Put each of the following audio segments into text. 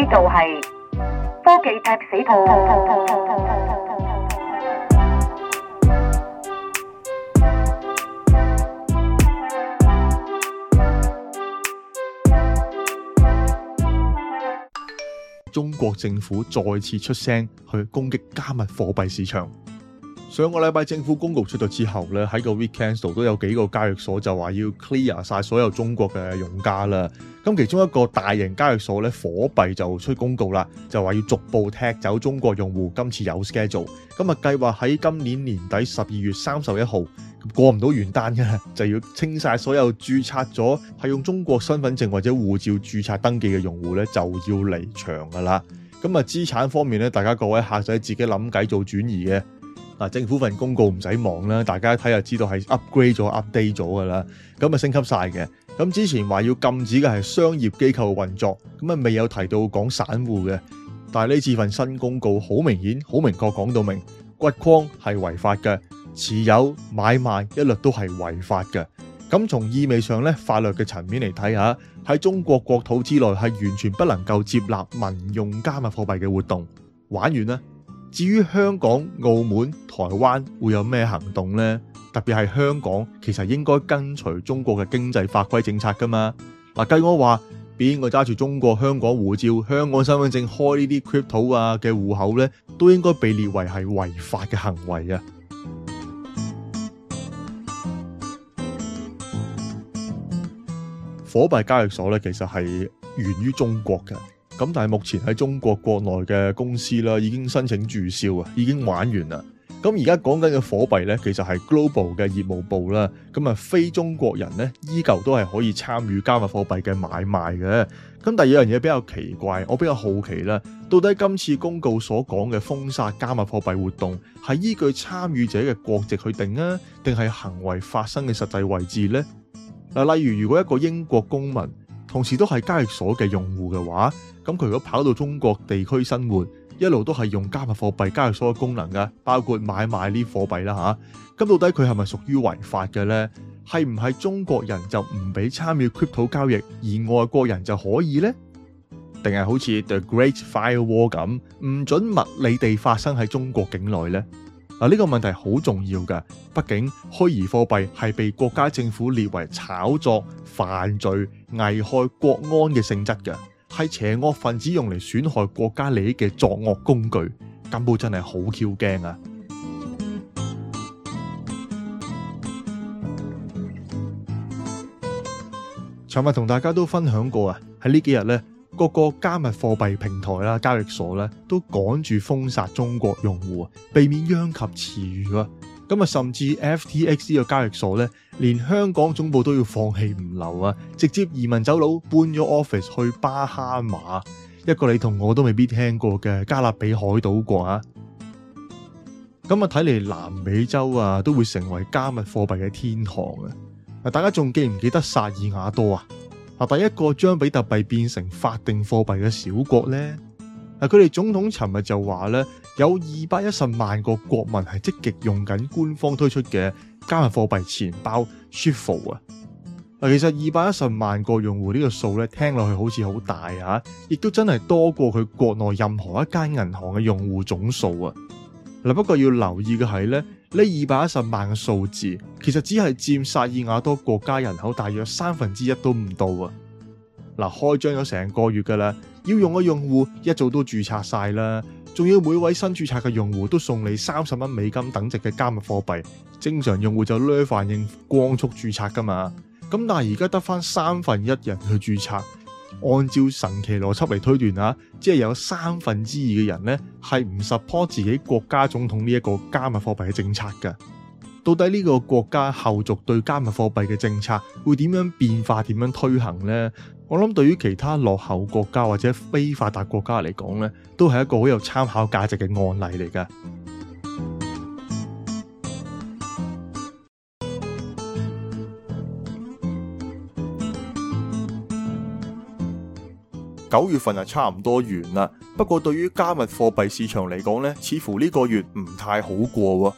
呢度係科技 tech 死兔。中國政府再次出聲去攻擊加密貨幣市場。上個禮拜政府公告出咗之後咧，喺個 weekend 度都有幾個交易所就話要 clear 晒所有中國嘅用家啦。咁其中一個大型交易所咧，火幣就出公告啦，就話要逐步踢走中國用戶。今次有 schedule，咁啊計劃喺今年年底十二月三十一號過唔到元旦嘅，就要清晒所有註冊咗係用中國身份證或者護照註冊登記嘅用戶咧，就要離場噶啦。咁啊，資產方面咧，大家各位客仔自己諗計做轉移嘅。嗱，政府份公告唔使望啦，大家一睇就知道係 upgrade 咗、update 咗噶啦，咁啊升級曬嘅。咁之前話要禁止嘅係商業機構嘅運作，咁啊未有提到講散戶嘅。但係呢次份新公告好明顯、好明確講到明，掘礦係違法嘅，持有、買賣一律都係違法嘅。咁從意味上咧，法律嘅層面嚟睇嚇，喺中國國土之內係完全不能夠接納民用加密貨幣嘅活動，玩完啦。至於香港、澳門、台灣會有咩行動呢？特別係香港，其實應該跟隨中國嘅經濟法規政策噶嘛。嗱，計我話：邊個揸住中國香港護照、香港身份證開呢啲 crypto 啊嘅戶口呢，都應該被列為係違法嘅行為啊！火幣 交易所呢，其實係源於中國嘅。咁但係目前喺中國國內嘅公司啦，已經申請註銷啊，已經玩完啦。咁而家講緊嘅貨幣呢，其實係 global 嘅業務部啦。咁啊，非中國人呢，依舊都係可以參與加密貨幣嘅買賣嘅。咁第二樣嘢比較奇怪，我比較好奇啦，到底今次公告所講嘅封殺加密貨幣活動，係依據參與者嘅國籍去定啊，定係行為發生嘅實際位置呢？嗱，例如如果一個英國公民。同時都係交易所嘅用戶嘅話，咁佢如果跑到中國地區生活，一路都係用加密貨幣交易所嘅功能嘅，包括買賣呢啲貨幣啦吓，咁、啊、到底佢係咪屬於違法嘅呢？係唔係中國人就唔俾參與 Crypto 交易，而外國人就可以呢？定係好似 The Great Firewall 咁，唔准物理地發生喺中國境內呢？嗱，呢個問題好重要嘅，畢竟虛擬貨幣係被國家政府列為炒作犯罪、危害國安嘅性質嘅，係邪惡分子用嚟損害國家利益嘅作惡工具。咁部真係好 Q 驚啊！尋日同大家都分享過啊，喺呢幾日呢。各個加密貨幣平台啦、交易所咧都趕住封殺中國用戶，避免殃及池魚啦。咁啊，甚至 FTX 呢個交易所咧，連香港總部都要放棄唔留啊，直接移民走佬，搬咗 office 去巴哈馬，一個你同我都未必聽過嘅加勒比海島國啊。咁啊，睇嚟南美洲啊都會成為加密貨幣嘅天堂啊！大家仲記唔記得薩爾瓦多啊？第一個將比特幣變成法定貨幣嘅小國呢，嗱，佢哋總統尋日就話呢，有二百一十萬個國民係積極用緊官方推出嘅加密貨幣錢包 Chivo 啊。嗱，其實二百一十萬個用戶呢個數呢，聽落去好似好大吓，亦都真係多過佢國內任何一間銀行嘅用戶總數啊。嗱，不過要留意嘅係呢。呢二百一十萬嘅數字，其實只係佔薩爾瓦多國家人口大約三分之一都唔到啊！嗱，開張咗成個月噶啦，要用嘅用戶一早都註冊曬啦，仲要每位新註冊嘅用戶都送你三十蚊美金等值嘅加密貨幣。正常用戶就略反應光速註冊噶嘛，咁但係而家得翻三分一人去註冊。按照神奇邏輯嚟推斷啊，即係有三分之二嘅人咧係唔 support 自己國家總統呢一個加密貨幣嘅政策嘅。到底呢個國家後續對加密貨幣嘅政策會點樣變化、點樣推行呢？我諗對於其他落後國家或者非發達國家嚟講咧，都係一個好有參考價值嘅案例嚟㗎。九月份啊，差唔多完啦。不過對於加密貨幣市場嚟講呢，似乎呢個月唔太好過。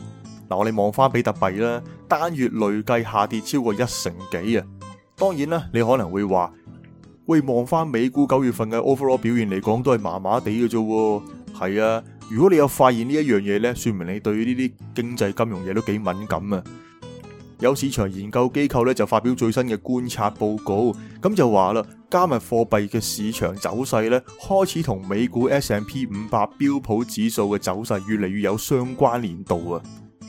嗱，我哋望翻比特幣啦，單月累計下跌超過一成幾啊。當然啦，你可能會話喂，望翻美股九月份嘅 overall 表現嚟講，都係麻麻地嘅啫。係啊，如果你有發現呢一樣嘢呢，說明你對呢啲經濟金融嘢都幾敏感啊。有市場研究機構咧就發表最新嘅觀察報告，咁就話啦，加密貨幣嘅市場走勢咧開始同美股 S&P 五百標普指數嘅走勢越嚟越有相關連度啊！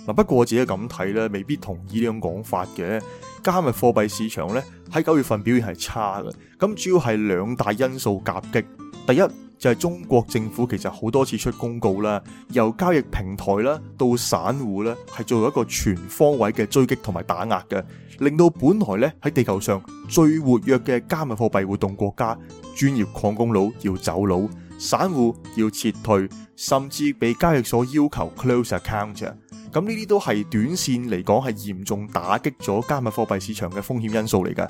嗱，不過我自己咁睇咧，未必同意呢種講法嘅。加密貨幣市場咧喺九月份表現係差嘅，咁主要係兩大因素夾擊，第一，就係中國政府其實好多次出公告啦，由交易平台啦到散戶咧，係做一個全方位嘅追擊同埋打壓嘅，令到本來咧喺地球上最活躍嘅加密貨幣活動國家，專業礦工佬要走佬，散戶要撤退，甚至被交易所要求 close account。咁呢啲都係短線嚟講係嚴重打擊咗加密貨幣市場嘅風險因素嚟嘅。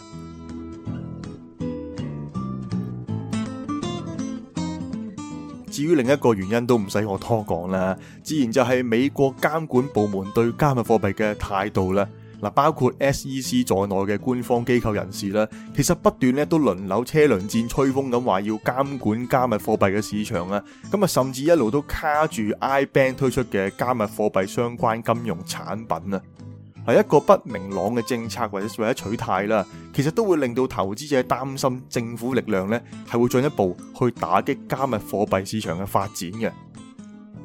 至於另一個原因都唔使我多講啦，自然就係美國監管部門對加密貨幣嘅態度啦。嗱，包括 SEC 在內嘅官方機構人士啦，其實不斷咧都輪流車輪戰吹風咁話要監管加密貨幣嘅市場啊，咁啊甚至一路都卡住 I Bank 推出嘅加密貨幣相關金融產品啊。係一個不明朗嘅政策，或者為咗取態啦，其實都會令到投資者擔心政府力量呢係會進一步去打擊加密貨幣市場嘅發展嘅。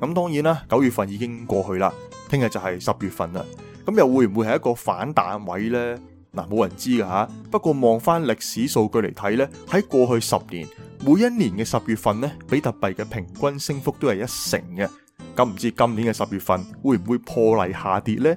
咁當然啦，九月份已經過去啦，聽日就係十月份啦，咁又會唔會係一個反彈位呢？嗱，冇人知噶吓。不過望翻歷史數據嚟睇呢，喺過去十年每一年嘅十月份呢，比特幣嘅平均升幅都係一成嘅。咁唔知今年嘅十月份會唔會破例下跌呢？